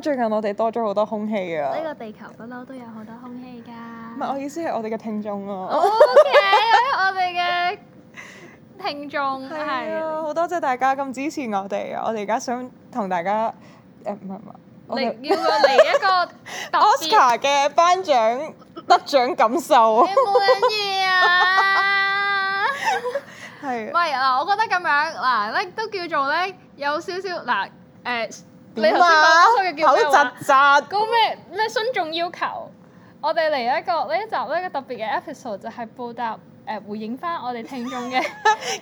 最近我哋多咗好多空氣啊！呢個地球不嬲都有好多空氣㗎。唔係，我意思係我哋嘅聽眾咯、啊。O Okay , K， 我哋嘅聽眾係好多謝大家咁支持我哋。啊。我哋而家想同大家誒，唔係唔係，嚟邀個嚟一個 Oscar 嘅頒獎得獎感受。 你滿意啊？係。唔係啊！我覺得咁樣嗱，咧、啊、都叫做咧有少少嗱誒。啊呃啊啊你頭先講開嘅叫咩嗰高咩咩詢眾要求？我哋嚟一個呢一集咧嘅特別嘅 episode 就係報答。誒，回應翻我哋聽眾嘅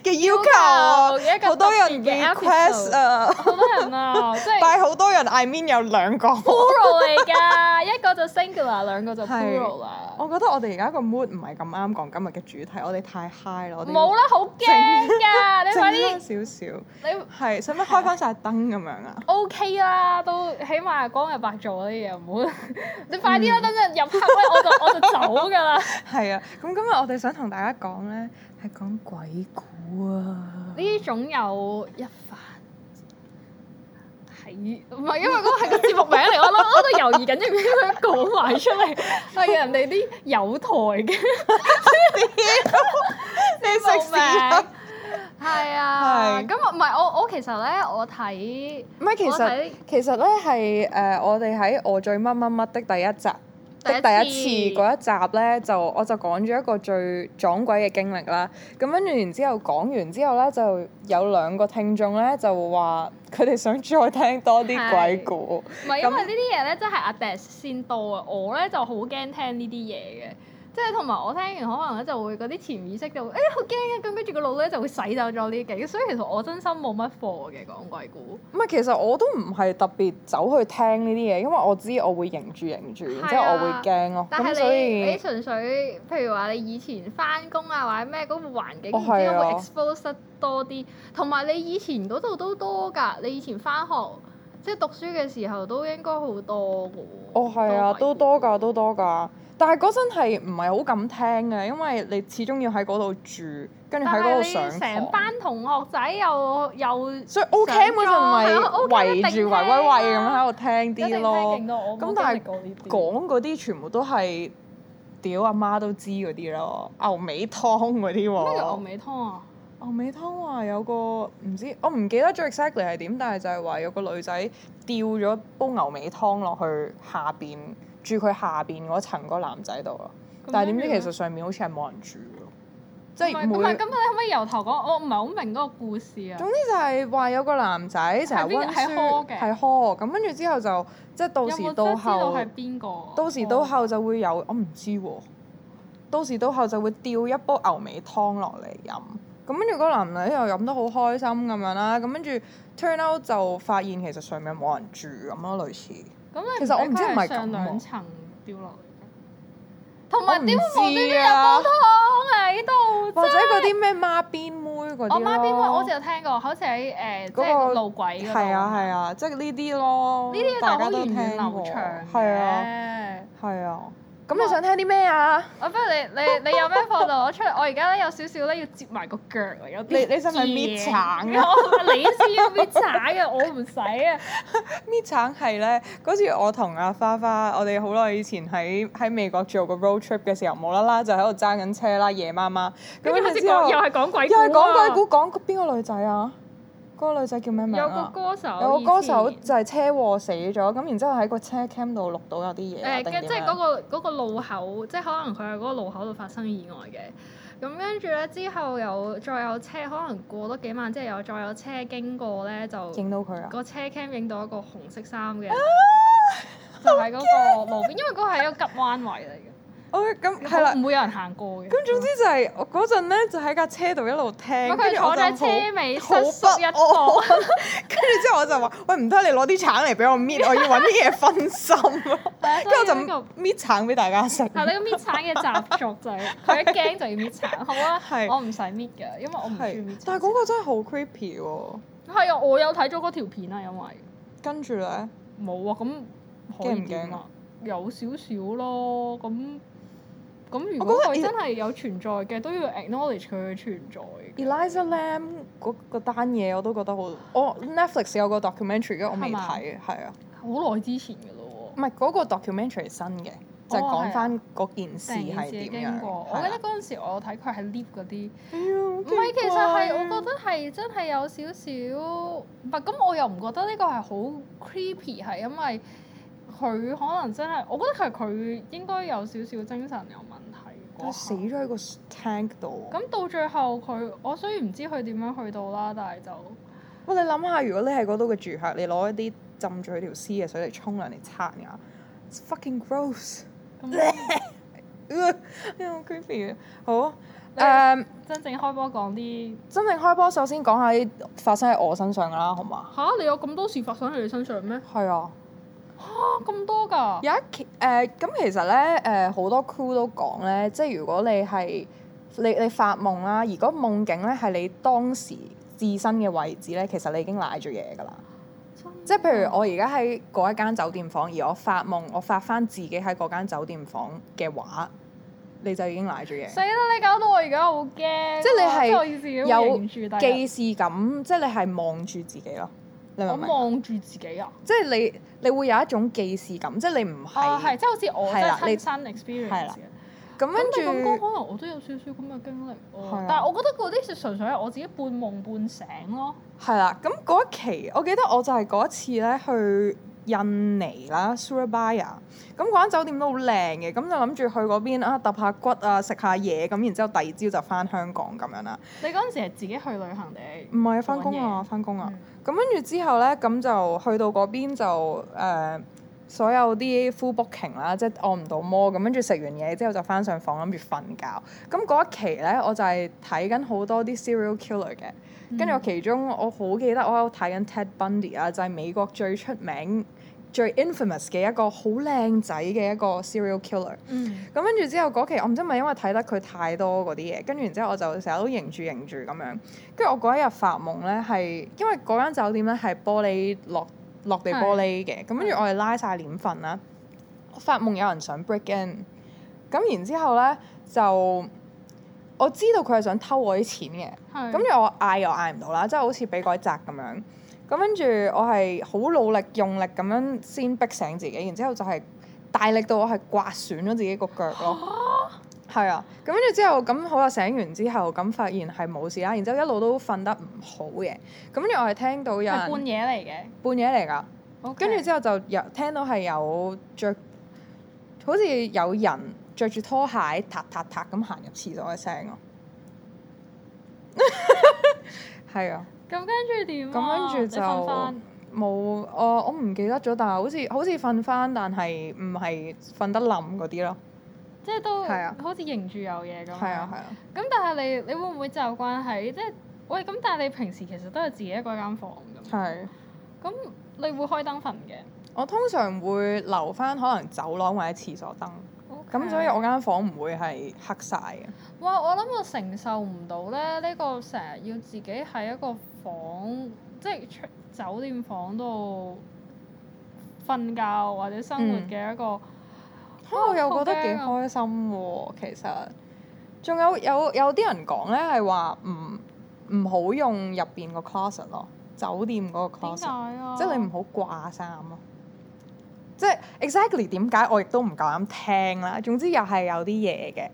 嘅要求，好多人嘅。request 啊，好多人啊，即係好多人，I mean 有兩個。plural 嚟㗎，一個就 singular，兩個就 plural 啦。我覺得我哋而家個 mood 唔係咁啱講今日嘅主題，我哋太 high 啦。冇啦，好驚㗎！你快啲靜少少。你係使乜開翻晒燈咁樣啊？OK 啦，都起碼光日白做啊啲嘢，唔好你快啲啦，等陣入黑，我我就我就走㗎啦。係啊，咁今日我哋想同大家。講咧係講鬼故啊！呢種有一份喺唔係，因為嗰個係個節目名嚟。我諗，我喺度猶豫緊，要唔要講埋出嚟？係人哋啲友台嘅，你食屎，呢個名係啊！咁啊，唔係我我其實咧，我睇唔係，其實我睇其實咧係誒，我哋喺我最乜乜乜的第一集。即係第一次嗰 一集咧，就我就講咗一個最撞鬼嘅經歷啦。咁跟住然之後講完之後咧，就有兩個聽眾咧就話佢哋想再聽多啲鬼故。唔係是， 因為呢啲嘢咧真係阿 Dead 先多啊！我咧就好驚聽呢啲嘢嘅。即係同埋我聽完可能咧就會嗰啲潛意識就會誒好驚啊，咁，跟住個腦咧就會洗走咗呢幾，所以其實我真心冇乜貨嘅講鬼故。唔係，其實我都唔係特別走去聽呢啲嘢，因為我知我會凝住凝住，然之後我會驚咯、啊。但係你，所以你純粹譬如話你以前翻工啊或者咩嗰、嗰個環境唔知會 expose 得多啲，同埋、哦啊、你以前嗰度都多㗎，你以前翻學。即係讀書嘅時候都應該好多嘅喎。哦，係啊，都多㗎，都多㗎。但係嗰陣係唔係好敢聽嘅，因為你始終要喺嗰度住，跟住喺嗰度上課。成班同學仔又又。所以，O.K. 嗰就唔係圍住、okay, 圍，圍，圍圍著圍咁喺度聽啲、啊啊、咯。咁但係講嗰啲全部都係屌阿媽，媽都知嗰啲咯，牛尾湯嗰啲喎。咩牛尾湯？牛尾湯話有個唔知，我唔記得最 exactly 係點，但係就係話有個女仔掉咗煲牛尾湯落去下邊住佢下邊嗰層個男仔度啊。這樣 但係點知其實上面好似係冇人住咯，即係唔係咁咪咁你可唔可以由頭講？我唔係好明嗰個故事啊。總之就係話有個男仔成日溫書嘅，係呵咁，跟住之後就即係、就係、到時到後，到時到後就會有我唔知喎，到時到後就會掉一煲牛尾湯落嚟飲。咁跟住嗰個男仔又飲得好開心咁樣啦，咁跟住 turn out 就發現其實上面冇人住咁咯，類似。咁其實我唔知係咪兩層飆落嚟嘅。其實有我唔知同埋點會無端端有煲湯喺度。或者嗰啲咩孖邊妹嗰啲咯。孖邊妹我就有聽過，好似喺誒即係路軌。係啊係啊，即係呢啲咯。呢啲就好源遠流長嘅。係啊。咁你想聽啲咩啊？啊，不如你你你有咩放度攞出嚟？ 我而家咧有少少咧要接埋個腳啊，有啲你你使唔使搣橙啊？你使搣橙嘅，我唔使啊。搣橙係咧，嗰次我同阿花花，我哋好耐以前喺喺美國做個 road trip 嘅時候，無啦啦就喺度揸緊車啦，夜媽媽。咁你唔知又係講鬼故啊？又係講鬼故，講邊個女仔啊？嗰個女仔叫咩名啊？有個歌手，前有個歌手就係車禍死咗，咁然之後喺個車 cam 度錄到有啲嘢。誒、呃，即係嗰、嗰個嗰、嗰個路口，即係可能佢喺嗰個路口度發生意外嘅。咁跟住咧，之後有再有車，可能過多幾晚之後有，有再有車經過咧，就影到佢啊！個車 cam 影到一個紅色衫嘅，啊、就係嗰個路邊，害因為嗰個係一個急彎位嚟嘅。哦咁係啦，唔會有人行過嘅。咁總之就係我嗰陣咧，就喺架車度一路聽，跟住坐喺車尾瑟瑟一況。跟住之後我就話：喂，唔得，你攞啲橙嚟俾我搣，我要揾啲嘢分心啊！跟住我就搣橙俾大家食。係呢個搣橙嘅習俗就係佢一驚就要搣橙，好啊！我唔使搣嘅，因為我唔中意搣，但係嗰個真係好 creepy 喎！係啊，我有睇咗嗰條片啊，因為跟住咧冇啊，咁驚唔驚啊？有少少咯，咁。咁如果佢真係有存在嘅， 都要 acknowledge 佢嘅存在。Eliza Lam 嗰個單嘢我都覺得好，我、oh, Netflix 有個 documentary 咯，我未睇，係啊。好耐之前嘅咯喎。唔係嗰個 documentary 係新嘅，就講翻嗰件事係點樣、哦啊。第二次經過、啊、我記得嗰陣時我睇佢喺 live 嗰啲。唔係、哎啊，其實係我覺得係真係有少少，唔係咁我又唔覺得呢個係好 creepy，係因為。佢可能真係，我覺得係佢應該有少少精神有問題。佢死咗喺個 tank 度。咁到最後佢，我雖然唔知佢點樣去到啦，但係就……喂，你諗下，如果你係嗰度嘅住客，你攞一啲浸住佢條屍嘅水嚟沖涼嚟刷牙，It's fucking gross！呢個好 creepy 嘅。好，誒，真正開波講啲，真正開波首先講下啲發生喺我身上㗎啦，好嘛？吓？你有咁多事發生喺你身上咩？係啊。啊，咁多㗎！有一期誒，咁其實咧，誒好多 crew 都講咧，即係如果你係你你發夢啦，如果夢境咧係你當時自身嘅位置咧，其實你已經瀨咗嘢㗎啦。是即係譬如我而家喺嗰一間酒店房，而我發夢，我發翻自己喺嗰間酒店房嘅話，你就已經瀨咗嘢。死啦！你搞到我而家好驚。即係你係有既視感，即係你係望住自己囉。我望住自己啊！即係你，你會有一種既視感，即係你唔係啊，即係好似我係啦，親身 experience 咁跟住咁，對可能我都有少少咁嘅經歷的但係我覺得嗰啲係純粹係我自己半夢半醒咯。係啦，咁嗰一期，我記得我就係嗰一次咧去。印尼啦，Surabaya，咁嗰間酒店都好靚嘅，咁就諗住去嗰邊啊揼下骨啊，食下嘢，咁、嗯、然之後第二朝就翻香港咁樣啦。你嗰陣時係自己去旅行定？唔係啊，翻工啊，翻工啊。咁跟住之後咧，咁就去到嗰邊就誒、呃，所有啲 full booking 啦、啊，即係按唔到摩。咁跟住食完嘢之後就翻上房諗住瞓覺。咁嗰一期咧，我就係睇緊好多啲 serial killer 嘅。跟住我其中我好記得我喺度睇緊 Ted Bundy 啊，就係美國最出名、最 infamous 嘅一個好靚仔嘅一個 serial killer。咁跟住之後嗰期我唔知係咪因為睇得佢太多嗰啲嘢，跟住然之後我就成日都認住認住咁樣。跟住我嗰一日發夢咧，係因為嗰間酒店咧係玻璃落落地玻璃嘅，咁跟住我哋拉晒簾瞓啦。是發夢有人想 break in，咁然之後咧就。我知道佢係想偷我啲錢嘅，咁跟住我嗌又嗌唔到啦，即係好似俾鬼砸咁樣。咁跟住我係好努力用力咁樣先逼醒自己，然之後就係大力到我係刮損咗自己個腳咯。係蛤啊，咁跟住之後咁好啦，醒完之後咁發現係冇事啦，然之後一路都瞓得唔好嘅。咁跟住我係聽到有半夜嚟嘅，半夜嚟㗎。跟住 Okay. 之後就有聽到係有着，好似有人。着住拖鞋，踏踏踏咁行入廁所嘅聲咯，係 啊。咁 跟住點啊？咁跟住就冇，我我唔記得咗，但係好似好似瞓翻，但係唔係瞓得冧嗰啲咯，即係都係 啊，好似迎住有嘢咁。係啊，係啊。咁但係你你會唔會習慣喺即係？喂，咁但係你平時其實都係自己一個一間房咁。係、啊。咁你會開燈瞓嘅？我通常會留翻可能走廊或者廁所燈。咁、嗯、所以我間房唔會係黑晒嘅。哇！我諗我承受唔到咧，呢個成日要自己喺一個房，即係出酒店房度瞓覺或者生活嘅一個。嚇、嗯！我又覺得幾開心喎，其實。仲有有有啲人講咧，係話唔唔好用入邊個 closet 咯，酒店嗰個 closet，即係你唔好掛衫咯。即係 exactly 點解我亦都唔夠膽聽啦，總之又係有啲嘢嘅。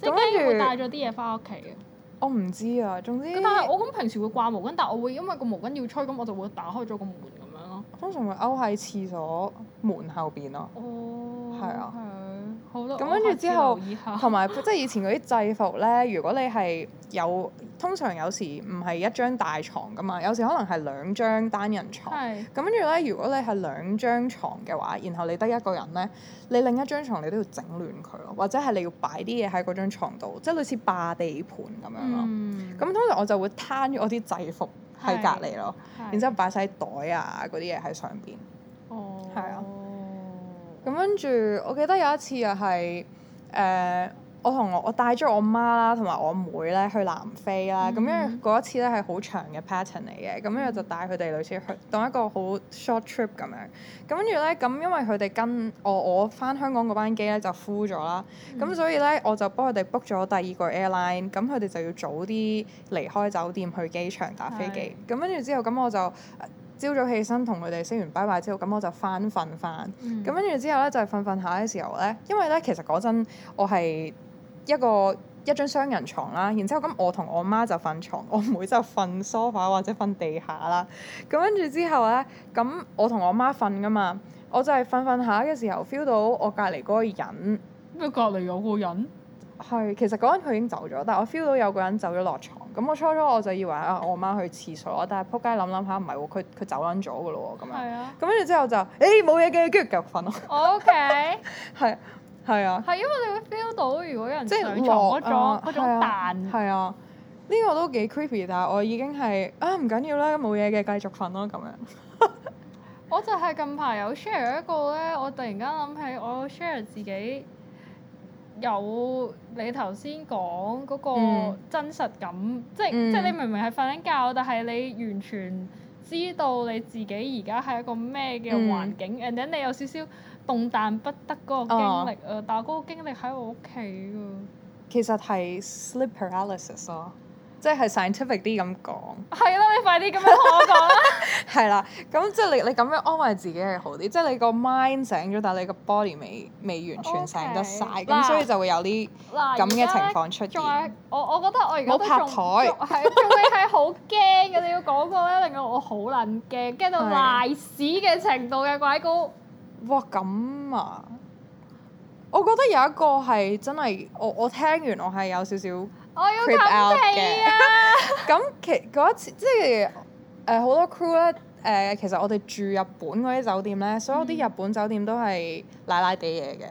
咁跟住會帶咗啲嘢翻屋企，我唔知啊，總之。但係我咁平時會掛毛巾，但係我會因為個毛巾要吹，咁我就會打開咗個門咁樣咯。通常會勾喺廁所門後邊咯。哦，係啊。咁跟住之後，同埋即係以前嗰啲制服咧，如果你係有通常有時唔係一張大床噶嘛，有時可能係兩張單人床。係。咁跟住咧，如果你係兩張床嘅話，然後你得一個人咧，你另一張床你都要整亂佢咯，或者係你要擺啲嘢喺嗰張床度，即係類似霸地盤咁樣咯。咁、嗯、通常我就會攤住我啲制服喺隔籬咯，是然之後擺晒袋啊嗰啲嘢喺上邊。哦。係啊。咁跟住，我記得有一次又係誒，我同我我帶咗我媽啦，同埋我妹咧去南非啦。咁、嗯、因為嗰一次咧係好長嘅 pattern 嚟嘅，咁樣、嗯、就帶佢哋類似去當一個好 short trip 咁樣。咁跟住咧，咁因為佢哋跟我我返香港嗰班機咧就 full 咗啦，咁、嗯、所以咧我就幫佢哋 book 咗第二個 airline，咁佢哋就要早啲離開酒店去機場打飛機。咁跟住之後，咁我就。朝早起身同佢哋 say 完 bye bye 之後，咁我就翻瞓翻。咁跟住之後咧，就係瞓瞓下嘅時候咧，因為咧其實嗰陣我係一個一張雙人床啦。然之後咁，我同我媽就瞓床，我妹就瞓 sofa 或者瞓地下啦。咁跟住之後咧，咁我同我媽瞓噶嘛，我就係瞓瞓下嘅時候 feel 到我隔離嗰個人。乜隔離有個人？係，其實嗰陣佢已經走咗，但係我 feel 到有個人走咗落床。咁我初初我就以為啊，我媽去廁所，但係撲街諗諗下唔係喎，佢佢走撚咗嘅咯喎，咁樣。係啊。咁跟住之後就，誒冇嘢嘅，跟住繼續瞓咯。O Okay . K。 係，係啊。係因為你會 feel 到如果有人上牀嗰種嗰種彈。係啊，呢個都幾 creepy，但係我已經啊係啊唔緊要啦，冇嘢嘅，繼續瞓咯咁樣。 我就係近排有 share 一個咧，我突然間諗起我 share 自己。有你頭先講嗰個真實感，嗯、即、嗯、即，即你明明係瞓緊覺，但係你完全知道你自己而家係一個咩嘅環境，人哋、嗯、你有少少動彈不得嗰個經歷啊，哦、但嗰個經歷喺我屋企啊，其實係 sleep paralysis 咯。即係 scientific 啲咁講。係啦，你快啲咁樣同我講 啦。係啦，咁即係你你咁樣安慰自己係好啲，即係你個 mind 醒咗，但係你個 body 未未完全醒得晒，咁 Okay. 所以就會有啲咁嘅情況出現。現我我覺得我而家冇拍台。係，因為係好驚嘅，你要講過咧，令到我好撚驚，驚到瀨屎嘅程度嘅鬼故。哇，咁啊！我覺得有一個係真係，我我聽完我係有少少。我要唚氣啊！咁其嗰一次即係誒好多 crew 咧、呃、誒，其實我哋住日本嗰啲酒店咧，嗯、所有啲日本酒店都係奶奶哋嘢嘅，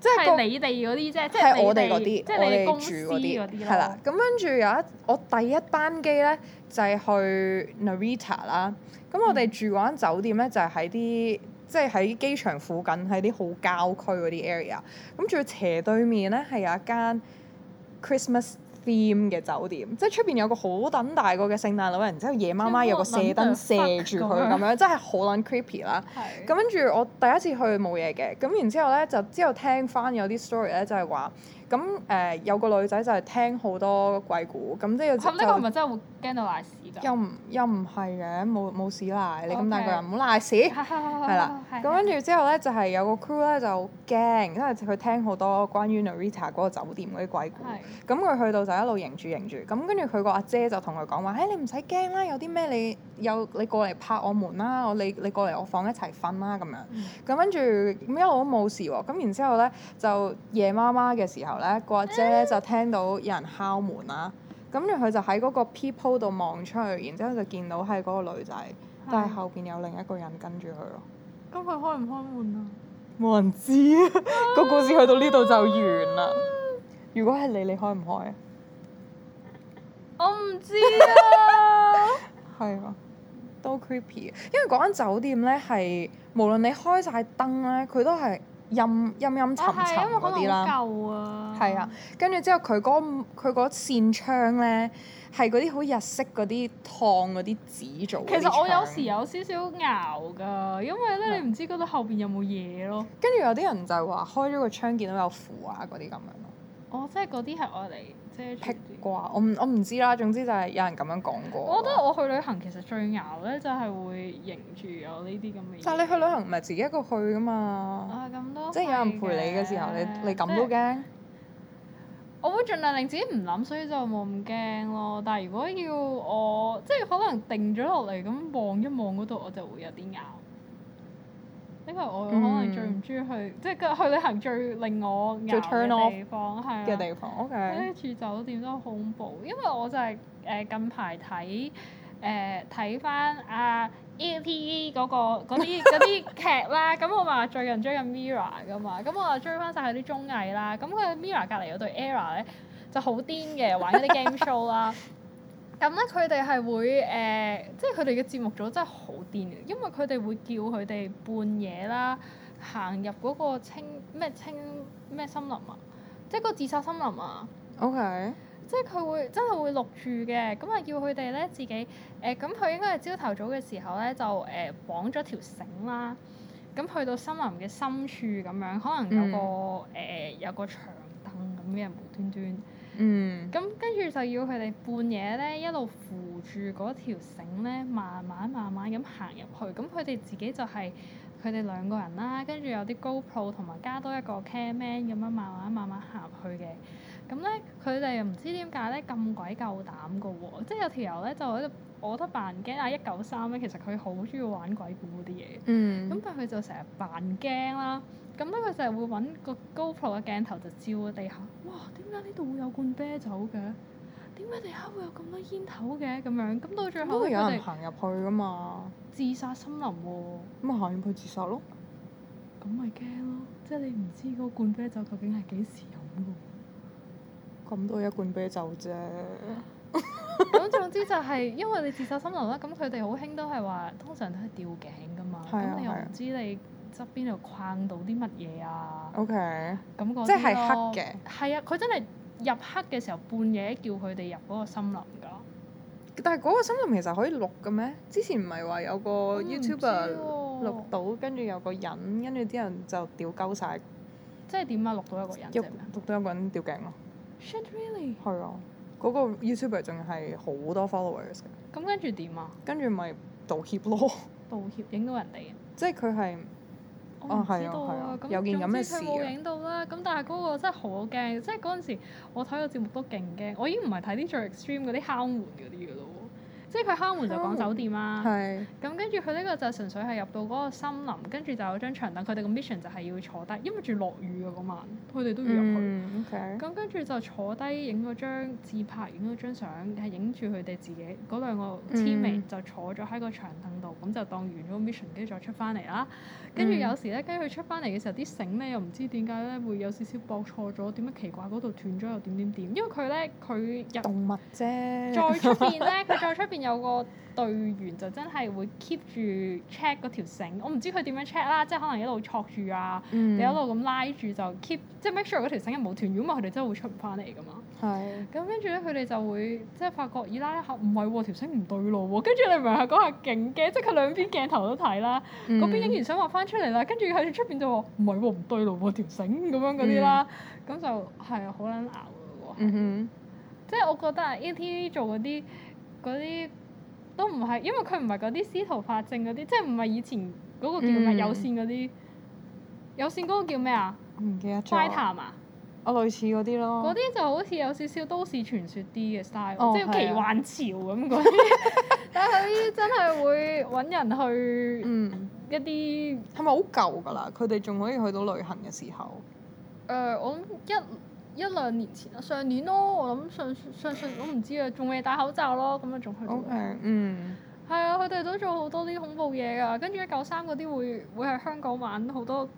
即係你哋嗰啲即係我哋嗰啲，即係你，我你我住嗰啲，係啦。咁跟住有一我第一班機咧就係、是、去 Narita 啦。咁、嗯、我哋住嗰間酒店咧就係喺啲即係喺機場附近，喺啲好郊區嗰啲 area。咁仲要斜對面咧係有一間 Christmas。Theme 嘅酒店，即係出邊有個好等大個嘅聖誕老人，之後夜媽媽有個射燈射住佢咁樣，真係好撚 creepy 啦。咁跟住我第一次去冇嘢嘅，咁然之後咧就之後聽翻有啲 story 咧就係、是、話，咁誒、呃、有個女仔就係聽好多鬼故，咁即係。咁呢個係咪真係會驚到瀨屎？又唔又唔係嘅，冇冇屎賴 Okay. 你咁大個人，唔好賴屎，係啦 了。咁跟住之後咧，就係、是、有個 crew 咧就驚，因為佢聽好多關於 Narita 嗰個酒店嗰啲鬼故。咁佢 去到就一路迎住迎住，咁跟住佢個阿姐就同佢講話，誒、 hey, 你唔使驚啦，有啲咩你有你過嚟拍我門啦，你你過嚟我房一齊瞓啦咁樣。咁跟住一路都冇事喎。咁然之後咧就夜媽媽嘅時候咧，個阿姐咧就聽到有人敲門啦。 咁住佢就喺嗰個 people 度望出去，然之後就見到係嗰個女仔，但係後邊有另一個人跟住佢咯。咁佢開唔開門啊？冇人知啊！個故事去到呢度就完啦。如果係你，你開唔開啊？我唔知啊。係啊，都 creepy！因為嗰間酒店咧係，無論你開晒燈咧，佢都係。陰陰陰沉沉嗰啲啦，係啊，跟住、啊、之後佢嗰佢嗰扇窗咧，係嗰啲好日式嗰啲燙嗰啲紙做嘅。其實我有時有少少熬㗎，因為咧你唔知嗰度後邊有冇嘢咯。跟住有啲人就係話開咗個窗見到有符啊，嗰啲咁樣。哦，即係嗰啲係愛嚟，即係僻啩，我唔我唔知啦。總之就係有人咁樣講過。我覺得我去旅行其實最拗咧，就係會迎住有呢啲咁嘅嘢。但係你去旅行唔係自己一個去噶嘛？啊，咁都即係有人陪你嘅時候，的你你咁是都驚？我會盡量令自己唔諗，所以就冇咁驚咯。但係如果要我即係可能定咗落嚟咁望一望嗰度，我就會有啲拗。因個我可能最唔中意去，嗯、即係去旅行最令我最 turn o 嘅地方，係啊 turn 的！住酒店都恐怖，okay、因為我就係、是、誒、呃、近排睇誒睇翻阿 E.T. 嗰個嗰啲嗰啲劇啦。咁 我話最近追緊 Mira 噶嘛，咁我就追翻晒佢啲綜藝啦。咁佢 Mira 隔離嗰對 Era 咧，就好癲嘅玩嗰啲 game show 啦。 咁咧，佢哋係會誒、呃，即係佢哋嘅節目組真係好癲，因為佢哋會叫佢哋半夜啦行入嗰個青咩青咩森林啊，即係個自殺森林啊。O Okay . K。即係佢會真係會錄住嘅，咁啊叫佢哋咧自己誒，咁、呃、佢應該係朝頭早嘅時候咧就誒、呃、綁咗條繩啦，咁去到森林嘅深處咁樣，可能有個誒、嗯呃、有個長凳咁樣無端端端。嗯，嗯，咁跟住就要佢哋半夜咧一路扶住嗰條繩咧，慢慢慢慢咁行入去。咁佢哋自己就係佢哋兩個人啦、啊，跟住有啲 GoPro 同埋加多一個 cameraman 咁樣慢慢慢慢行入去嘅。咁咧佢哋又唔知點解咧咁鬼夠膽噶喎、啊，即係有條友咧就喺度。我覺得扮驚啊！一九三咧，其實佢好中意玩鬼故嗰啲嘢，咁、嗯、但係佢就成日扮驚啦。咁咧佢成日會揾個 GoPro 嘅鏡頭就照個地下。哇！點解呢度會有罐啤酒嘅？點解地下會有咁多煙頭嘅？咁樣咁到最後都會有人行入去噶嘛。自殺森林喎。咁咪行入去自殺咯。咁咪驚咯！即係你唔知嗰罐啤酒究竟係幾時飲。咁多係一罐啤酒啫。 咁 總之就係、是，因為你自殺森林啦，咁佢哋好興都係話，通常都係吊頸噶嘛。係啊。咁你又唔知你側邊度框到啲乜嘢啊？OK。咁嗰啲咯。即係黑嘅。係啊，佢真係入黑嘅時候，半夜叫佢哋入嗰個森林噶。但係嗰個森林其實可以錄嘅咩？之前唔係話有個 YouTuber 錄到，跟住有個人，跟住啲人就吊鳩晒。嗯啊、即係點啊？錄到一個人錄。錄到一個人吊頸咯。Shit, really。係啊。嗰個 YouTuber 仲係好多 followers 嘅，咁、嗯、跟住點啊？跟住咪道歉咯。道歉影到人哋即係佢係哦係啊，我唔知道啊。咁即係佢冇影到啦。咁、嗯、但係嗰個真係好驚，嗯、即係嗰陣時我睇個節目都勁驚，我已經唔係睇啲最 extreme 嗰啲敲門嗰啲嘅。即係佢敲門就講酒店啦、啊，咁、嗯、跟住佢呢個就純粹係入到嗰個森林，跟住就有張長凳。佢哋個 mission 就係要坐低，因為住落雨啊嗰晚，佢哋都要入去。咁、嗯 okay. 跟住就坐低影咗張自拍張，影咗張相係影住佢哋自己嗰兩個簽名，就坐咗喺個長凳度，咁、嗯、就當完咗 mission，跟住再出翻嚟啦。跟住有時咧，跟住佢出翻嚟嘅時候，啲繩咧又唔知點解咧會有少少駁錯咗，點解奇怪嗰度斷咗又點點點？因為佢咧，佢入動物啫，再出邊咧，佢再出邊。有個隊員就真係會 keep 住 check 嗰條繩，我唔知佢點樣 check 啦，即係可能一路坐住啊，一路咁拉住就 keep，即 make sure 嗰條繩一冇斷，如果唔係佢哋真係會出唔翻嚟噶嘛。咁跟住咧，佢哋就會即係發覺拉，咦啦一下，唔係喎，條繩唔對路喎。跟住你明唔明、嗯、啊？下勁驚，即係佢兩邊鏡頭都睇啦，嗰邊影完想話翻出嚟啦，跟住喺出邊就話唔係喎，唔對路喎條繩咁樣嗰啲啦。咁就係好撚拗嘅喎。即係我覺得 ATV 做嗰啲。嗰啲都唔係，因為佢唔係嗰啲司徒法正嗰啲，即係唔係以前嗰個叫咩、嗯、有線嗰啲？有線嗰個叫咩啊？唔記得咗。Fighter 啊？啊，類似嗰啲咯。嗰啲就好似有少少都市傳説啲嘅 style、哦、即係奇幻潮咁嗰啲。但係佢啲真係會揾人去一啲、嗯。係咪好舊㗎啦？佢哋仲可以去到旅行嘅時候。誒、呃，我一。一兩年前啊，上年咯，我諗上上上年我唔知啊，仲未戴口罩咯，咁啊仲去到。O.K. 嗯。係啊，佢哋都做好多啲恐怖嘢㗎，跟住一九三嗰啲會會喺香港玩好多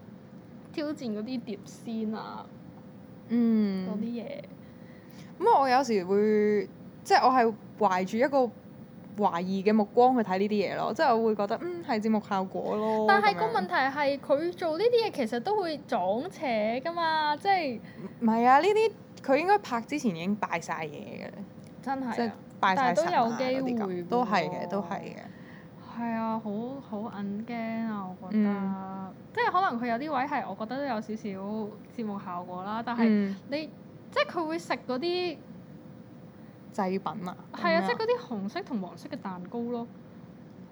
挑戰嗰啲碟仙啊，嗯，嗰啲嘢。咁我有時會即係我係懷住一個。懷疑嘅目光去睇呢啲嘢咯，即係我會覺得嗯係節目效果咯。但係個問題係佢做呢啲嘢其實都會撞邪噶嘛，即係。唔係啊！呢啲佢應該拍之前已經拜晒嘢嘅。真係啊！即拜晒，但都有機會，都係嘅，都係嘅。係啊，好好緊驚啊！我覺得，嗯、即係可能佢有啲位係我覺得都有少少節目效果啦，但係你、嗯、即係佢會食嗰啲。祭品啊！係啊，即係嗰啲紅色同黃色嘅蛋糕咯。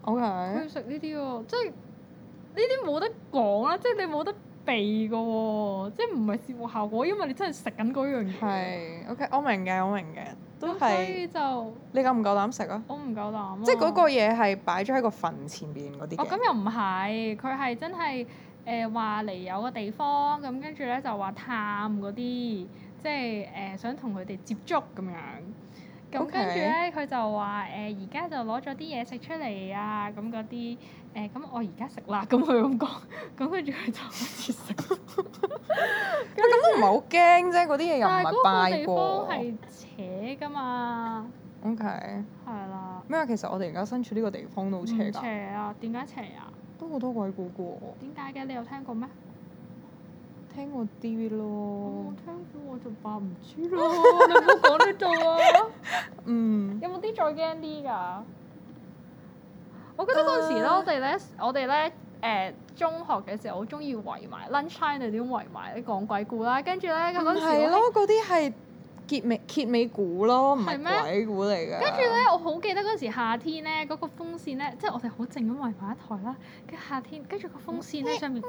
O K。我要食呢啲喎，即係呢啲冇得講啦，即係你冇得避㗎喎，即係唔係節目效果，因為你真係食緊嗰樣嘢。係。O、okay, K，我明嘅，我明嘅。都係。所以就你夠唔夠膽食啊？我唔夠膽、啊。即係嗰個嘢係擺咗喺個墳前邊嗰啲哦，咁、哦、又唔係，佢係真係誒話嚟有個地方咁，跟住咧就話探嗰啲，即係誒、呃、想同佢哋接觸咁樣。咁跟住咧，佢 Okay. 就話誒，而家就攞咗啲嘢食出嚟啊，咁嗰啲誒，咁、欸、我而家食啦，咁佢咁講，咁跟住佢就開始食。咁都唔係好驚啫，嗰啲嘢又唔係拜過。但嗰個地方係邪㗎嘛？O K。係啦 Okay. 了。咩啊？其實我哋而家身處呢個地方都好邪㗎。邪啊！點解邪啊？都好多，多鬼故故喎。點解嘅？你有聽過咩？聽過 D.V. 咯、哦，我冇聽過，我就扮唔知咯、 哦。你有冇講呢度啊？ 嗯有有。有冇啲再驚啲㗎？我覺得嗰陣時咧、uh,，我哋咧，我哋咧，誒中學嘅時候，好中意圍埋 lunchtime 嗰啲圍埋，你講鬼故啦。跟住咧，嗰陣時嗰啲係揭尾揭尾故咯，唔係鬼故嚟㗎。跟住咧，我好記得嗰陣時夏天咧，嗰、嗰個風扇咧，即係我哋好靜咁圍埋一台啦。跟夏天，跟住個風扇咧上面。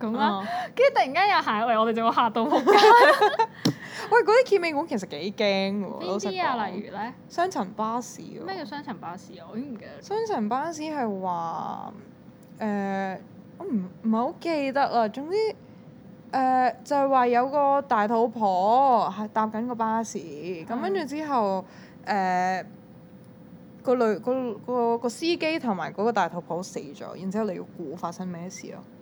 咁啦，跟住、uh huh. 突然間又行入嚟，我哋就會嚇到撲街。喂，嗰啲揭尾故其實幾驚嘅喎。邊啲啊？例如咧？雙層巴士喎、啊。咩叫雙層巴士啊？我已經唔記得。雙層巴士係話誒，我唔唔係好記得啦。總之誒、呃，就係、是、話有個大肚婆係搭緊個巴士，咁跟住之後誒、呃、個女個個個司機同埋嗰個大肚婆死咗，然之後你要估發生咩事咯、啊？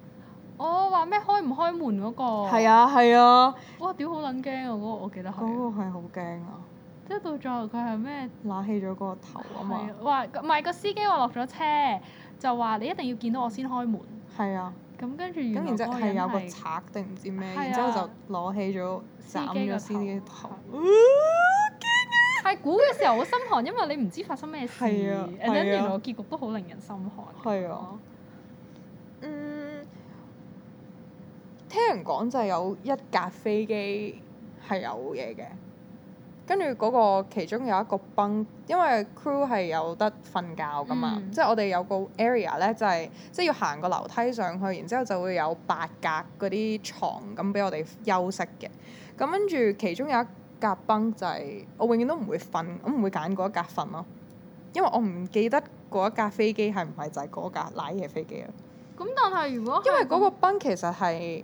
我話咩開唔開門嗰個？係啊，係啊。哇！屌好撚驚啊！嗰個我記得係。嗰個係好驚啊！即係到最後佢係咩攞起咗嗰個頭啊嘛？話唔係個司機話落咗車，就話你一定要見到我先開門。係啊。咁跟住原來。然之後係有個賊定唔知咩？然之後就攞起咗斬咗司機嘅頭。驚啊！係估嘅時候好心寒，因為你唔知發生咩事，啊！而且原來結局都好令人心寒。係啊。聽人講就係有一架飛機係有嘢嘅，跟住嗰個其中有一個崩，因為 crew 係有得瞓覺㗎嘛，嗯、即係我哋有個 area 咧就係即係要行個樓梯上去，然之後就會有八格嗰啲床咁俾我哋休息嘅。咁跟住其中有一格崩就係、是、我永遠都唔會瞓，我唔會揀嗰一格瞓咯，因為我唔記得嗰一架飛機係唔係就係嗰架瀨嘢飛機啊。咁但係如果因為嗰個崩其實係。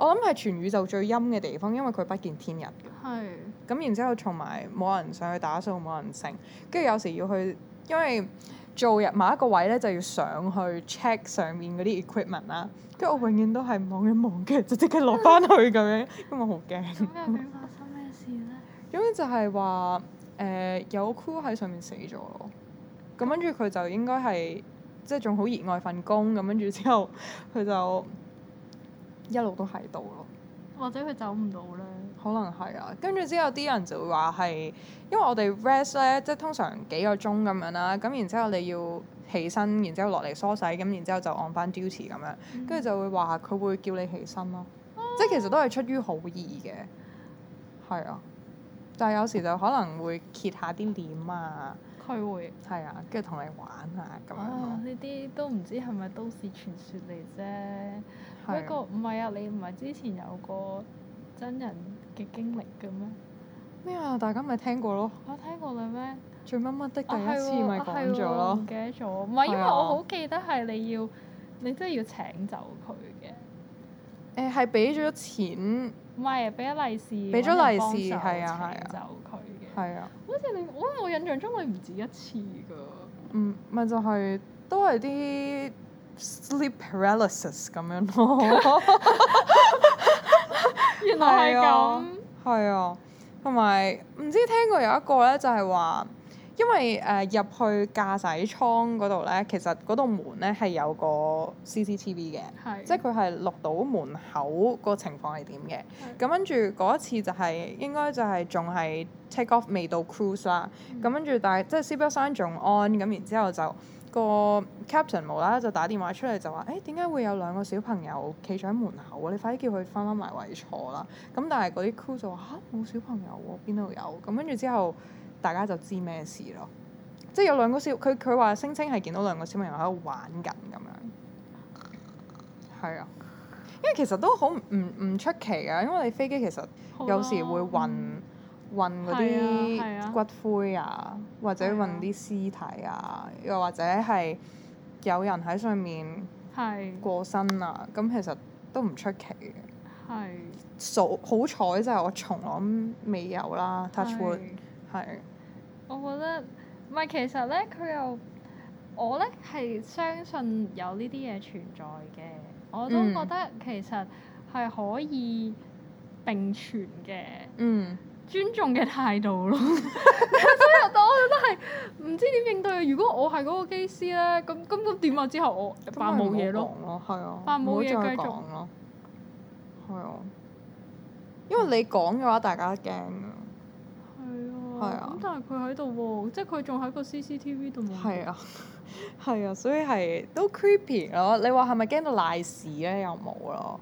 我諗係全宇宙最陰嘅地方，因為佢不見天日嘅。係是。咁然之後，同埋冇人上去打掃，冇人剩，跟住有時要去，因為做入某一個位咧，就要上去 check 上面嗰啲 equipment 啦。跟住是我永遠都係望一望嘅，就即刻落翻去咁樣， 因為我好驚。咁有冇發生咩事咧？咁就係話，誒、呃、有 crew 喺上面死咗囉。咁跟住佢就應該係即係仲好熱愛份工，咁跟住之後佢就。一路都喺度咯，或者佢走唔到咧，可能係啊。跟住之後啲人就會話係，因為我哋 rest 咧，即係通常幾個鐘咁樣啦。咁然之後你要起身，然之後落嚟梳洗，咁然之後就按翻 duty 咁樣，跟住、嗯、就會話佢會叫你起身咯。啊、即係其實都係出於好意嘅，係啊，但係有時就可能會揭一下啲簾啊。佢會係啊，跟住同你玩啊，咁樣呢啲都唔知係咪都市傳說嚟啫的、那個？不過唔係啊，你唔係之前有個真人嘅經歷嘅咩？咩啊？大家咪聽過咯？我聽過啦咩？最乜乜的第一次咪講咗咯？唔、啊、記得咗？唔係因為我好記得係你要，你真係要請走佢嘅。誒係俾咗錢，唔係俾咗利是，俾咗利是，係啊係啊。係啊，好似你我我印象中你唔止一次噶，唔咪、嗯、就係、係、都係啲 sleep paralysis 咁樣咯。 原來係咁，係啊，同埋唔知聽過有一個咧，就係話。因為誒入、呃、去駕駛艙嗰度咧，其實嗰道門咧係有個 CCTV 嘅，是即係佢係錄到門口嗰個情況係點嘅。咁跟住嗰一次就係、是、應該就係仲係 take off 未到 cruise 啦。咁跟住但係即係 seatbelt sign 仲 on 咁，然之後就、個 captain 無啦啦就打電話出嚟就話：誒點解會有兩個小朋友企咗喺門口？你快啲叫佢翻返埋位坐啦！咁但係嗰啲 crew 就話嚇冇小朋友喎、啊，邊度有？咁跟住之後。大家就知咩事咯，即係有兩個小佢佢話聲稱係見到兩個小朋友喺度玩緊，咁樣係啊，因為其實都好唔唔出奇啊，因為你飛機其實有時會運運嗰啲骨灰啊，或者運啲屍體啊，又或者係有人喺上面過身啊，咁的其實都唔出奇嘅。係的，好彩就係我從來未有啦的，touch wood，係。我覺得唔係，其實咧佢又我咧係相信有呢啲嘢存在嘅，我都覺得其實係可以並存嘅，嗯、尊重嘅態度咯。所以 我覺得係唔知點應對。如果我係嗰個機師咧，咁咁咁點啊？之後我扮冇嘢咯，係啊，扮冇嘢繼續咯，係啊，因為你講嘅話，大家都驚啊。係、哦、 啊！咁但係佢喺度喎，即係佢仲喺個 CCTV 度。係啊，係啊，所以係都 creepy 咯。你話係咪驚到瀨屎咧？又冇咯。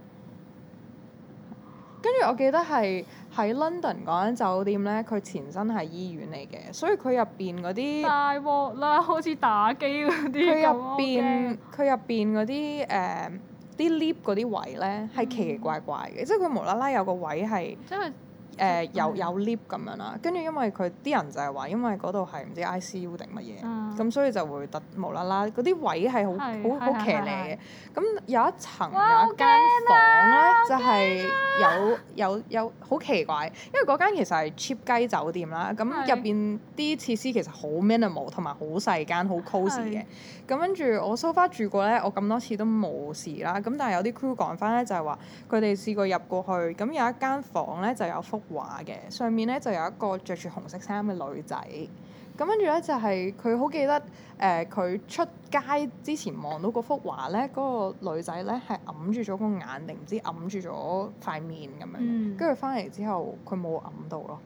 跟住我記得係喺 London 嗰間酒店咧，佢前身係醫院嚟嘅，所以佢入邊嗰啲大鑊啦，好似打機嗰啲，佢入邊，佢入邊嗰啲誒啲 lift 嗰啲位咧，係奇奇怪怪嘅，嗯、即係佢無啦啦有個位係即係。誒、呃、有有 lift 咁樣啦，跟住因為佢啲人就係話，因為嗰度係唔知 ICU 定乜嘢，咁、嗯嗯、所以就會突無啦啦，嗰啲位係是好好好騎呢嘅。咁有一層哇有一間、啊、房咧，就係、啊、有有有好奇怪，因為嗰間其實係 cheap 雞酒店啦，咁入邊啲設施其實好 minimal 同埋好細間好 cosy 嘅。咁跟住我 sofa 住過咧，我咁多次都冇事啦。咁但係有啲 crew 講翻咧，就係話佢哋試過入過去，咁有一間房咧就有覆。畫嘅上面咧就有一個着住紅色衫嘅女仔，咁跟住咧就係佢好記得誒，佢、呃、出街之前望到嗰幅畫咧，嗰、嗰個女仔咧係揞住咗個眼定唔知揞住咗塊面咁樣，跟住翻嚟之後佢冇揞到咯，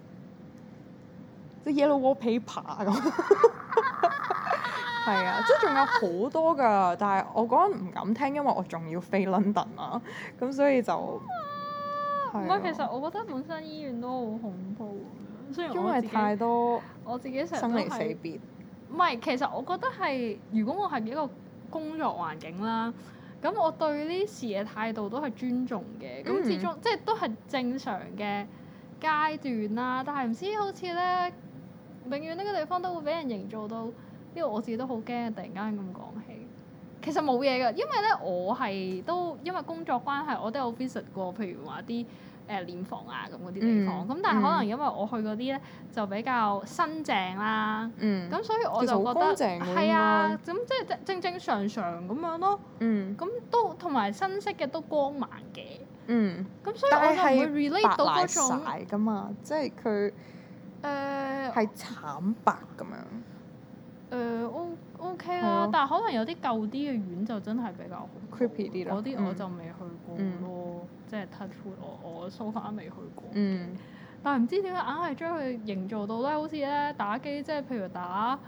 即係 Yellow Wallpaper 咁。係 啊，即係仲有好多㗎，但係我嗰陣唔敢聽，因為我仲要飛 London 啊，咁所以就。唔係，其實我覺得本身醫院都好恐怖。雖然因為太多，我自己成日都係生離死別。唔係，其實我覺得係如果我係一個工作環境啦，咁我對呢啲事嘅態度都係尊重嘅。咁始終、嗯、即係都係正常嘅階段啦。但係唔知好似咧，永遠呢個地方都會俾人營造到，因為我自己都好驚啊！突然間咁講起。其實冇嘢㗎，因為咧我係都因為工作關係，我都有 visit 過，譬如話啲誒殮房啊咁嗰啲地方。咁、嗯、但係可能因為我去嗰啲咧就比較新淨啦。咁、嗯、所以我就覺得係啊，咁即係正正常常咁樣咯。咁、嗯、都同埋新式嘅都光猛嘅。咁、嗯、所以我就唔會 relate 到嗰種。白曬㗎嘛，即係佢。誒、呃。係慘白咁樣、呃。誒、呃、我。呃哦。O.K. 啊，嗯、但係可能有啲舊啲嘅院就真係比較好，creepy 啲啦。嗰啲我就未去過咯，嗯、即係 Touch wood 我，我 so far 未去過。嗯、但係唔知點解硬係將佢營造到咧，好似咧打機，即係譬如打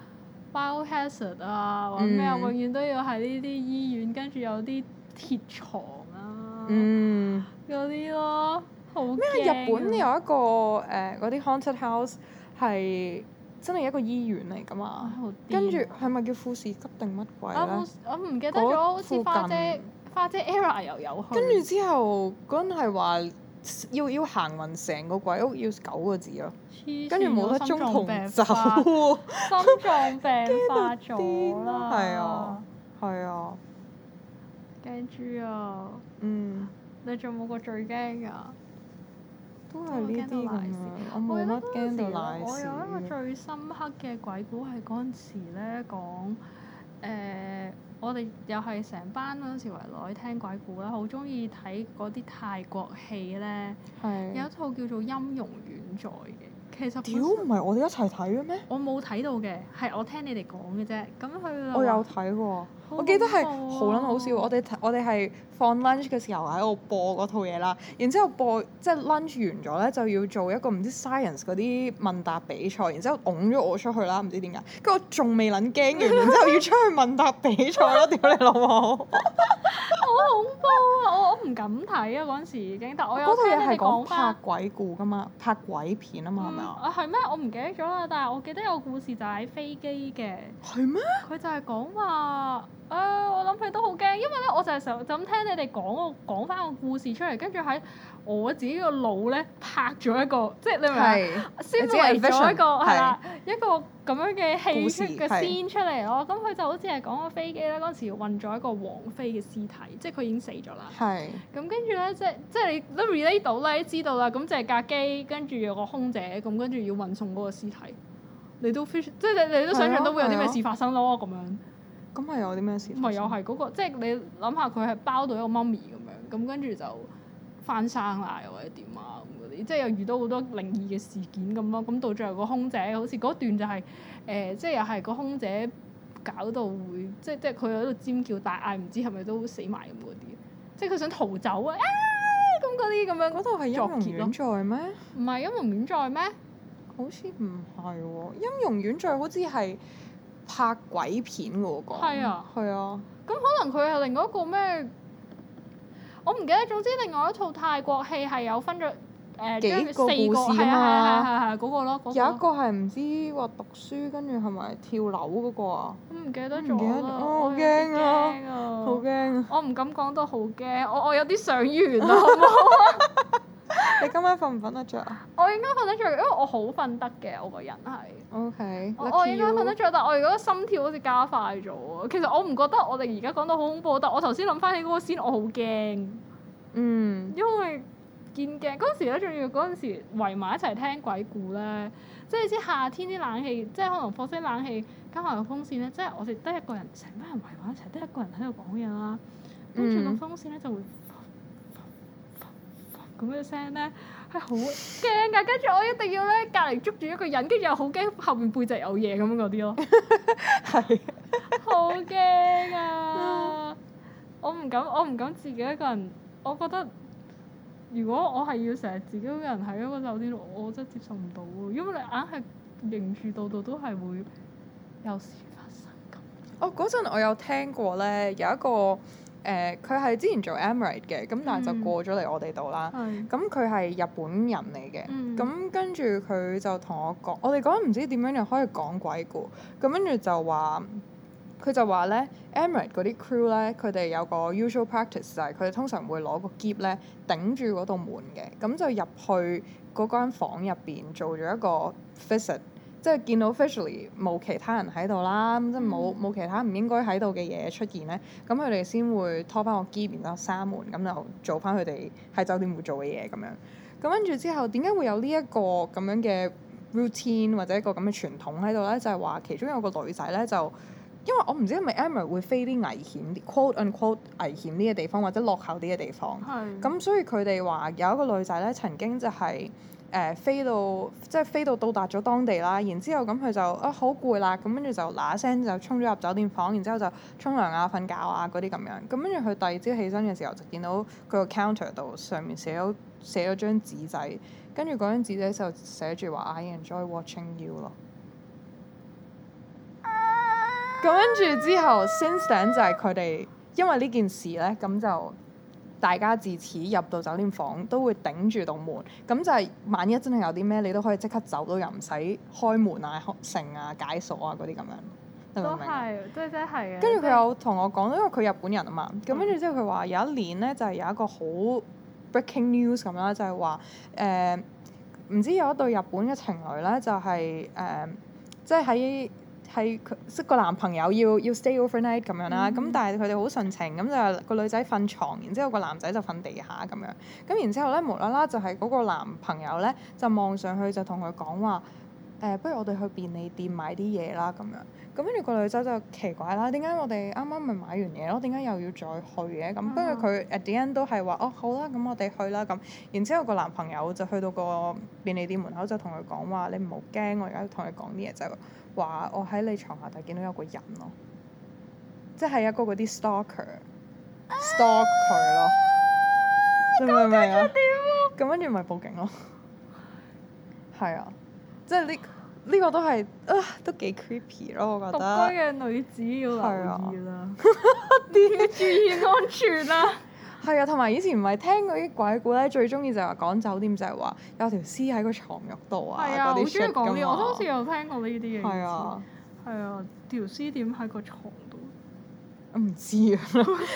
《Biohazard》啊，或者咩啊，永遠都要喺呢啲醫院，跟住有啲鐵床啊，嗰啲、嗯、咯，好驚咩？日本有一個誒嗰、uh, 啲 Haunted House 係。真係一個醫院嚟噶嘛？跟住係咪叫富士急定乜鬼咧？啊、那我唔記得咗，好似花姐花姐 era 又有去。跟住之後，嗰陣係話要要行勻成個鬼屋，要九個字咯、啊。跟住冇得中途走喎。心臟病發咗啦！係啊，係啊，驚住啊！嗯，你仲有冇個最驚㗎？都係呢啲咁啊！我冇乜驚到賴屎，嗯。我有一個最深刻嘅鬼故係嗰陣時咧講，誒、呃、我哋又係成班嗰陣時圍內聽鬼故啦，好中意睇嗰啲泰國戲咧，的有一套叫做《音容宛在》嘅。其實，屌唔係我哋一齊睇嘅咩？我冇睇到嘅，係我聽你哋講嘅啫。咁佢我有睇喎，我記得係好撚好笑。我哋我哋係放 lunch 嘅時候喺度播嗰套嘢啦，然之後播即係 lunch 完咗咧就要做一個唔知 science 嗰啲問答比賽，然之後拱咗我出去啦，唔知點解。跟住我仲未撚驚完，然之後要出去問答比賽咯。屌 你老母！好 恐怖啊！我我唔敢睇啊！嗰陣時驚，但我有嗰套嘢翻。係講拍鬼故噶嘛？拍鬼片啊嘛～、嗯啊，係咩？我唔記得咗啦，但係我記得有故事就喺飛機嘅。係咩？佢就係講話。啊、哦！我諗佢都好驚，因為咧，我就係想就咁聽你哋講個翻個故事出嚟，跟住喺我自己個腦咧拍咗一個，是即係你明嗎？先嚟咗一個係啦，是一個咁樣嘅氣息嘅 scene 出嚟咯。咁佢是、哦、就好似係講個飛機咧，嗰陣時運咗一個王妃嘅屍體，即係佢已經死咗啦。係是。咁跟住咧，即係即係你 relate 到咧，知道啦。咁就係架機，跟住有個空姐，咁跟住要運送嗰個屍體。你都非常，即係你你都想象到會有啲咩事發生咯，咁樣。咁係有啲咩事？唔係又係嗰、那個，即係你諗下佢係包到一個媽咪咁樣，咁跟住就翻生啦，又或者點啊咁嗰啲，即係又遇到好多靈異嘅事件咁咯。咁到最後個空姐，好似嗰段就係、是、誒、呃，即係又係個空姐搞到會，即即係佢喺度尖叫大嗌，唔知係咪都死埋咁嗰啲，即係佢想逃走啊！咁嗰啲咁樣。嗰度係音容宛在咩？唔係音容宛在咩？好似唔係喎，音容宛在好似係。拍鬼片嗰個講，係啊，咁係、啊、可能佢係另外一個咩？我唔記得，總之另外一套泰國戲係有分咗誒、呃、幾個、個故事啊，係係係嗰個咯。嗰個、有一個係唔知話讀書跟住係咪跳樓嗰、嗰個、哦、啊？我唔記得咗啦，好驚啊！好驚啊！我唔敢講到好驚，我我有啲想完啊，好冇啊！ 你今晚瞓唔瞓得着？啊？我應該瞓得着，因為我好瞓得嘅，我個人係。O K。我我應該瞓得着，你但我而家心跳好似加快咗。其實我唔覺得我哋而家講到好恐怖，但我頭先諗翻起嗰個先，我好驚。嗯。因為見鏡嗰陣時咧，仲要嗰陣時圍埋一齊聽鬼故咧，即係知夏天啲冷氣，即係可能放啲冷氣加埋個,個,個風扇咧，即係我哋得一個人成班人圍埋一齊，得一個人喺度講嘢啦，跟住個風扇咧就會。嗯咁嘅聲咧係好驚㗎，跟住，哎，我一定要咧隔離捉住一個人，跟住又好驚後面背脊有嘢咁樣嗰啲咯。係， 是的 好驚啊！ 我唔敢，我唔敢自己一個人，我覺得如果我係要成日自己一個人喺一個酒店度，我真係接受唔到喎，因為你硬係凝住度度都係會有事發生咁。哦，嗰陣我有聽過咧，有一個。誒佢係之前做 Emirates 嘅，咁但係就過咗嚟我哋度啦。咁佢係日本人嚟嘅，咁、嗯、跟住佢就同我講，我哋講唔知點樣又可以講鬼故咁，跟住就話佢就話咧 Emirates 嗰啲 crew 咧，佢哋有個 usual practice，就係佢哋通常會攞個篋咧頂住嗰度門嘅，咁就入去嗰間房入邊做咗一個 visit。即係見到 f a s h i o y 冇其他人喺度啦，即係冇冇其他唔應該喺度嘅嘢出現咧，咁佢哋先會拖翻個機，然之後閂門，咁就做翻佢哋喺酒店會做嘅嘢咁樣。咁跟住之後，點解會有呢一個咁樣嘅 routine 或者一個咁嘅傳統喺度咧？就係話其中有一個女仔咧就。因為我唔知係咪 Emma 會飛啲危險，quote unquote 危險啲嘅地方或者落後啲嘅地方。咁係所以佢哋話有一個女仔咧，曾經就係、是、誒、呃、飛到即係飛到到達咗當地啦。然之後咁佢就啊好攰啦，咁跟住就嗱嗱聲就衝咗入酒店房，然之後就沖涼啊、瞓覺啊嗰啲咁樣。咁跟住佢第二朝起身嘅時候就見到佢個 counter 度上面寫咗寫咗張,張紙仔，跟住嗰張紙仔就寫住話 I enjoy watching you 咯。咁跟住之後，Since then, 就係佢哋因為呢件事咧，咁就大家自此入到酒店房都會頂住道門，咁就係萬一真係有啲咩，你都可以即刻走咗又唔使開門啊、開城啊、解鎖啊嗰啲咁樣。都係是，樣都真係嘅。就是、跟住佢有同我講，因為佢日本人啊嘛，咁跟住之後佢話有一年咧，就係、是、有一個好 breaking news 咁啦，就係話誒唔知有一對日本嘅情侶咧，就係誒即係喺。呃就是係識個男朋友要要 stay overnight 咁樣啦，咁但係佢哋好純情，咁就個女仔瞓床，然之後個男仔就瞓地下咁樣，咁然之後咧，無啦啦就係嗰個男朋友咧就望上去就同佢講話。誒、呃，不如我哋去便利店買啲嘢啦，咁樣。咁跟住個女仔就奇怪啦，點解我哋啱啱咪買完嘢咯？點解又要再去嘅？咁跟住佢誒點樣都係話，哦好啦，咁我哋去啦咁。然之後個男朋友就去到個便利店門口就同佢講話，你唔好驚，我而家同你講啲嘢就話、係、我喺你床下底見到有個人咯，即係一個嗰啲 stalker，stalk 佢咯。你明唔明啊？咁跟住咪報警咯。係 啊。即係呢呢個都係啊，都幾 creepy 咯！我覺得獨居嘅女子要留意啦，要注意安全啦。係啊，同埋以前唔係聽嗰啲鬼故咧，最中意就係講酒店，就係話有條屍喺個床褥度啊，啊，嗰啲書咁。我當時有聽過呢啲嘢。係啊，係啊，條屍點喺個床度？唔知啊，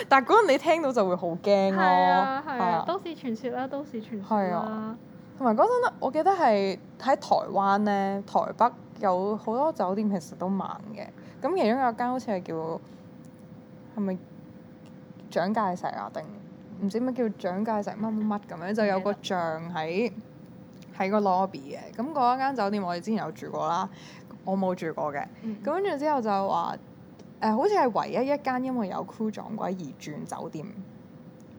但係嗰陣你聽到就會好驚咯。係啊，啊，啊，都市傳說啦，都市傳說啦。同埋嗰陣咧，我記得係喺台灣咧，台北有好多酒店其實都猛嘅。咁其中有一間好似係叫係咪蔣介石啊？定唔知乜叫蔣介石乜乜乜咁樣？就有個像喺喺個 lobby 嘅。咁嗰一間酒店我哋之前有住過啦，我冇住過嘅。咁跟住之後就係話、呃、好似係唯一一間因為有 crew 撞鬼而轉酒店。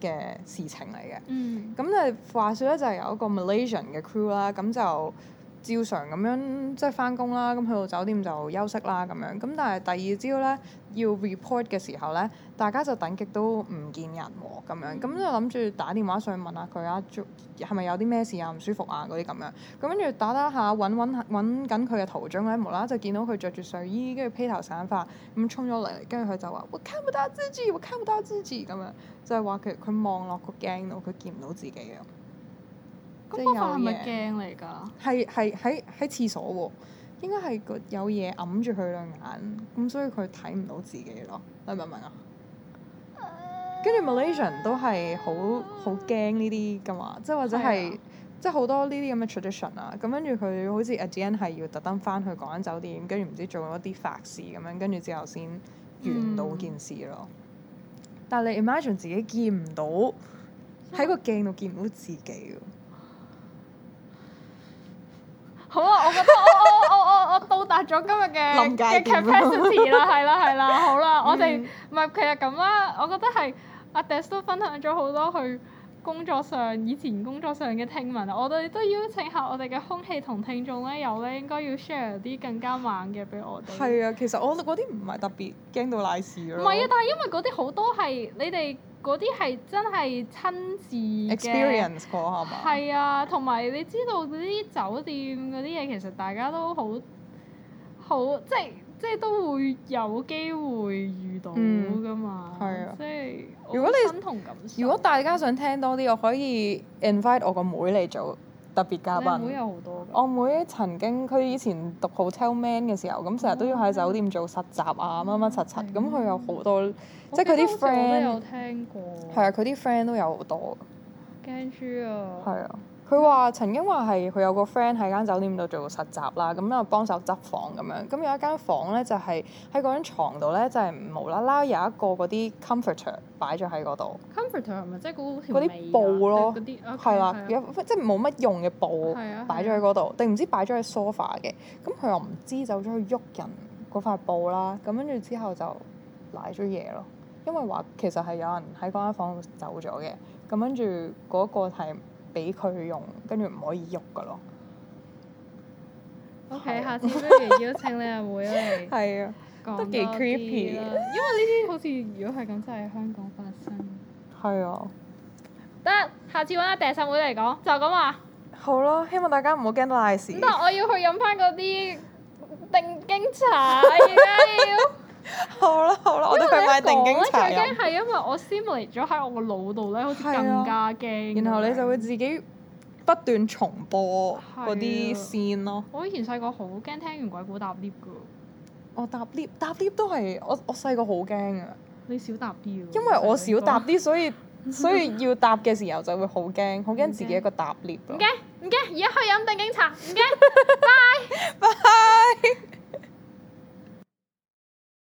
嘅事情嚟嘅，咁誒、嗯、話說咧就係、是、有一個 Malaysian 嘅 crew 啦，咁就。照常咁樣即係翻工啦，咁去到酒店就休息啦咁樣，咁但係第二朝咧要 report 嘅時候咧，大家就等極都唔見人喎，咁樣，咁就諗住打電話上去問下佢啊，做係咪有啲咩事啊？唔舒服啊嗰啲咁樣，咁跟住打打下揾揾揾緊佢嘅途中咧，無啦啦就見到佢著住睡衣，跟住披頭散髮，咁 Thought esz aji 衝咗落嚟，跟住佢就話 我看不到自己，我看不到自己咁樣，就係話佢佢望落個鏡度，佢見唔到自己嘅。嗰個法係咪鏡嚟㗎？係係喺喺廁所喎，應該係個有嘢揞住佢兩眼，咁所以佢睇唔到自己咯。你明唔明啊？跟住 Malaysia 人都係好好驚呢啲㗎嘛，即係或者係即係好多呢啲咁嘅 tradition 啊。咁跟住佢好似 Aden 係要特登翻去嗰間酒店，跟住唔知做咗啲法事咁樣，跟住之後先完到件事咯。但係你 imagine 自己見唔到喺個鏡度見唔到自己？好啊！我覺得 我我我我我到達咗今日嘅嘅 capacity 啦，係啦係啦，好啦、啊，我哋唔係其實咁啦，我覺得係阿 Desk 都分享咗好多佢工作上以前工作上嘅聽聞，我哋都邀請下我哋嘅空氣同聽眾咧，有咧應該要 share 啲更加猛嘅俾我哋。係啊，其實我嗰啲唔係特別驚到瀨屎咯。唔係啊，但係因為嗰啲好多係你哋。嗰啲係真係親自 experience 過，係嘛？係啊，同埋你知道嗰啲酒店嗰啲嘢，其實大家都好，好即係即係都會有機會遇到噶嘛。嗯，係啊，所以同感受，如果你，如果大家想聽多啲，我可以 invite 我個妹嚟做。特別嘉賓。妹妹我妹曾經佢以前讀 hotel man 嘅時候，咁成日都要喺酒店做實習啊，乜乜柒柒。咁佢有好多，即係佢啲 friend。我都有，有聽過。係啊，佢啲 friend 都有好多。驚豬啊！係啊。佢話曾經話係佢有個 friend 喺間酒店度做實習啦，咁咧幫手執房咁樣。咁有一間房咧就係喺嗰張牀度咧，就係無啦啦有一個嗰啲 comforter 擺咗喺嗰度。comforter 係咪即係嗰條？嗰啲、啊啊嗯、布咯，係啦，有即係冇乜用嘅布擺咗喺嗰度，定唔知擺咗喺 sofa 嘅？咁佢又唔知走咗去喐人嗰塊布啦。咁跟住之後就瀨咗嘢咯。因為話其實係有人喺嗰間房走咗嘅。咁跟住嗰個係。俾佢用，跟住唔可以喐㗎囉。OK， 下次不如邀請你入會嚟。係 啊，都幾 creepy 啦。因為呢啲好似如果係咁，真係香港發生。係 啊。得，下次揾阿訂壽會嚟講， 就咁話。好啦，希望大家唔好驚到賴屎。得，我要去飲翻嗰啲定驚茶，而家 要。 好啦好啦，我都去買定驚茶。最驚係因為我 simulate 咗喺我個腦度咧，好似更加驚。 然後你就會自己不斷重播嗰啲線咯，啊。我以前細個好驚聽完鬼故搭 lift 噶。我搭 lift，搭 lift 都係我我細個好驚啊。你少搭啲啊。因為，因為我少搭啲，所以所以要搭嘅時候就會好驚，好驚自己一個搭 lift 唔驚唔驚，而家去飲定驚茶，唔驚。拜拜 Bye。